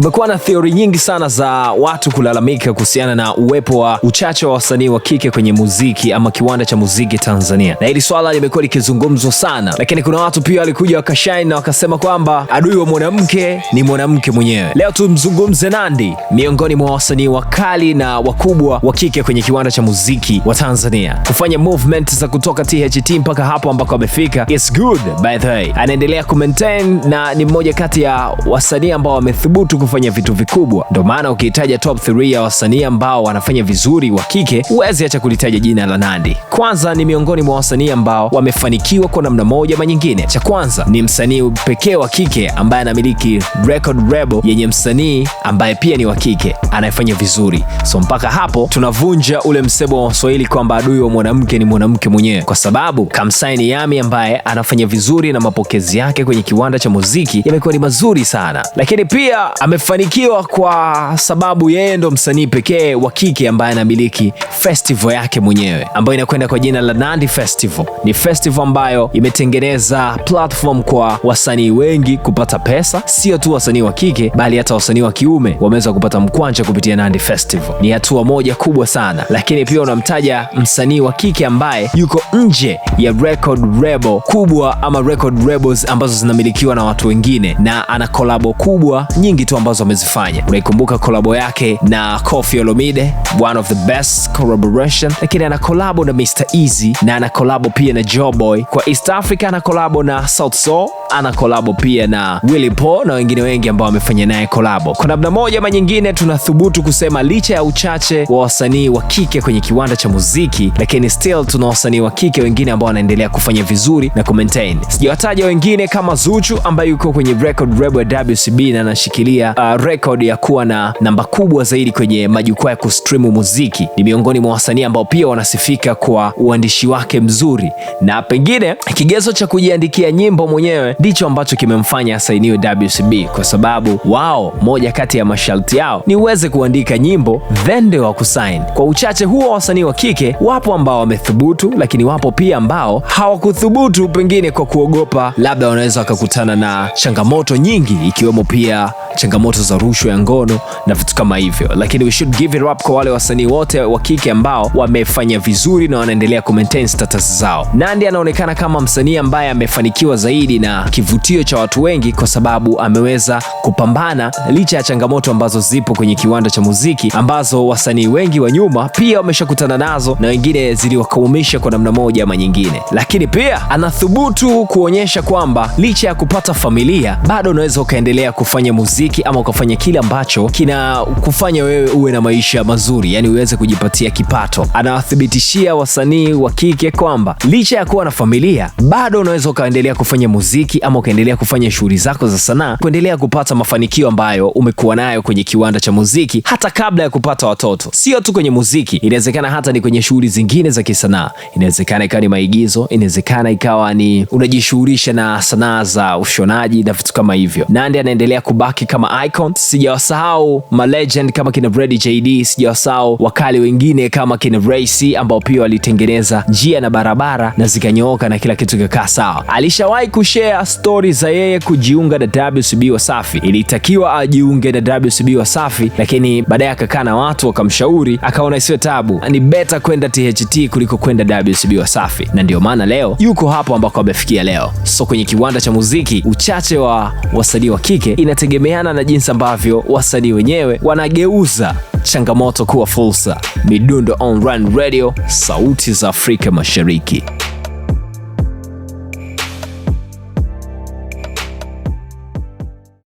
Kumekuwa na theori nyingi sana za watu kulalamika kuhusiana na uwepo wa uchache wa wasanii wa kike kwenye muziki ama kiwanda cha muziki Tanzania, na hili swala limekuwa likizungumzwa sana, lakini kuna watu pia walikuja wakashine na wakasema kwamba adui wa mwanamke ni mwanamke mwenyewe. Leo tumzungumze Nandy, miongoni mwa wasanii wakali na wakubwa wa kike kwenye kiwanda cha muziki wa Tanzania, kufanya movement za kutoka THT mpaka hapo ambako amefika. It's good by the way, anaendelea kumaintain na ni mmoja kati ya wasanii ambao wamethubutu kufanya vitu vikubwa. Ndo maana ukihitaja top 3 ya wasanii ambao wanafanya vizuri wa kike, huwezi acha kulitaja jina la Nandy. Kwanza ni miongoni mwa wasanii ambao wamefanikiwa kwa namna moja ama nyingine. Cha kwanza ni msanii pekee wa kike ambaye anamiliki record label yenye msanii ambaye pia ni wa kike anayefanya vizuri. So mpaka hapo tunavunja ule msemo wa Waswahili kwamba adui wa mwanamke ni mwanamke mwenyewe, kwa sababu Kamsaini Yami ambaye anafanya vizuri na mapokezi yake kwenye kiwanda cha muziki yamekuwa ni mazuri sana, lakini pia ame amefanikiwa kwa sababu yeye ndo msanii pekee wa kike ambaye anamiliki festival yake mwenyewe ambayo inakwenda kwa jina la Nandi Festival. Ni festival ambayo imetengeneza platform kwa wasanii wengi kupata pesa, sio tu wasanii wa kike bali hata wasanii wa kiume wameweza kupata mkwanja kupitia Nandi Festival. Ni hatua moja kubwa sana, lakini pia unamtaja msanii wa kike ambaye yuko nje ya record label kubwa ama record labels ambazo zinamilikiwa na watu wengine na ana kolabo kubwa nyingi tu ambazo ambazo amezifanya. Unaikumbuka kolabo yake na Koffi Olomide, one of the best collaboration, lakini ana kolabo na Mr Easy na ana kolabo pia na Joboy. Kwa East Africa ana kolabo na South Sol, ana kolabo pia na Willy Paul na wengine wengi ambao wamefanya naye kolabo. Kwa namna moja ama nyingine, tunathubutu kusema licha ya uchache wa wasanii wa kike kwenye kiwanda cha muziki, lakini still tuna wasanii wa kike wengine ambao wanaendelea kufanya vizuri na kumaintain. Sijawataja wengine kama Zuchu ambaye yuko kwenye record label ya WCB na anashikilia uh, record ya kuwa na namba kubwa zaidi kwenye majukwaa ya kustrimu muziki. Ni miongoni mwa wasanii ambao pia wanasifika kwa uandishi wake mzuri, na pengine kigezo cha kujiandikia nyimbo mwenyewe ndicho ambacho kimemfanya asainiwe WCB, kwa sababu wao, moja kati ya masharti yao ni uweze kuandika nyimbo then ndio kusign. Kwa uchache huo, wasanii wa kike wapo ambao wamethubutu, lakini wapo pia ambao hawakuthubutu, pengine kwa kuogopa labda wanaweza wakakutana na changamoto nyingi, ikiwemo pia changamoto changamoto za rushwa ya ngono na vitu kama hivyo, lakini we should give it up kwa wale wasanii wote wa kike ambao wamefanya vizuri na wanaendelea maintain status zao. Nandy anaonekana kama msanii ambaye amefanikiwa zaidi na kivutio cha watu wengi kwa sababu ameweza kupambana licha ya changamoto ambazo zipo kwenye kiwanda cha muziki ambazo wasanii wengi wa nyuma pia wameshakutana nazo na wengine ziliwakaumisha kwa namna moja ama nyingine, lakini pia anathubutu kuonyesha kwamba licha ya kupata familia bado unaweza ukaendelea kufanya muziki ama ukafanya kile ambacho kina kufanya wewe uwe na maisha mazuri, yani uweze kujipatia kipato. Anawathibitishia wasanii wa kike kwamba licha ya kuwa na familia bado unaweza ukaendelea kufanya muziki ama ukaendelea kufanya shughuli zako za sanaa, kuendelea kupata mafanikio ambayo umekuwa nayo kwenye kiwanda cha muziki hata kabla ya kupata watoto. Sio tu kwenye muziki, inawezekana hata ni kwenye shughuli zingine za kisanaa. Inawezekana ikawa ni maigizo, inawezekana ikawa ni unajishughulisha na sanaa za ushonaji na vitu kama hivyo. Nandi anaendelea kubaki kama Icons, sijawasahau malegend kama kina Brady JD, sijawasahau wakali wengine kama kina Ray ambao pia walitengeneza njia na barabara na zikanyooka na kila kitu kikaa sawa. Alishawahi kushare stori za yeye kujiunga na WCB Wasafi, ilitakiwa ajiunge na WCB Wasafi, lakini baadaye akakaa na watu wakamshauri, akaona isiwe tabu, ni beta kwenda THT kuliko kwenda WCB Wasafi, na ndio maana leo yuko hapo ambako amefikia leo. So kwenye kiwanda cha muziki, uchache wa wasanii wa kike inategemeana na jinsi ambavyo wasanii wenyewe wanageuza changamoto kuwa fursa. Midundo On Run Radio, sauti za Afrika Mashariki.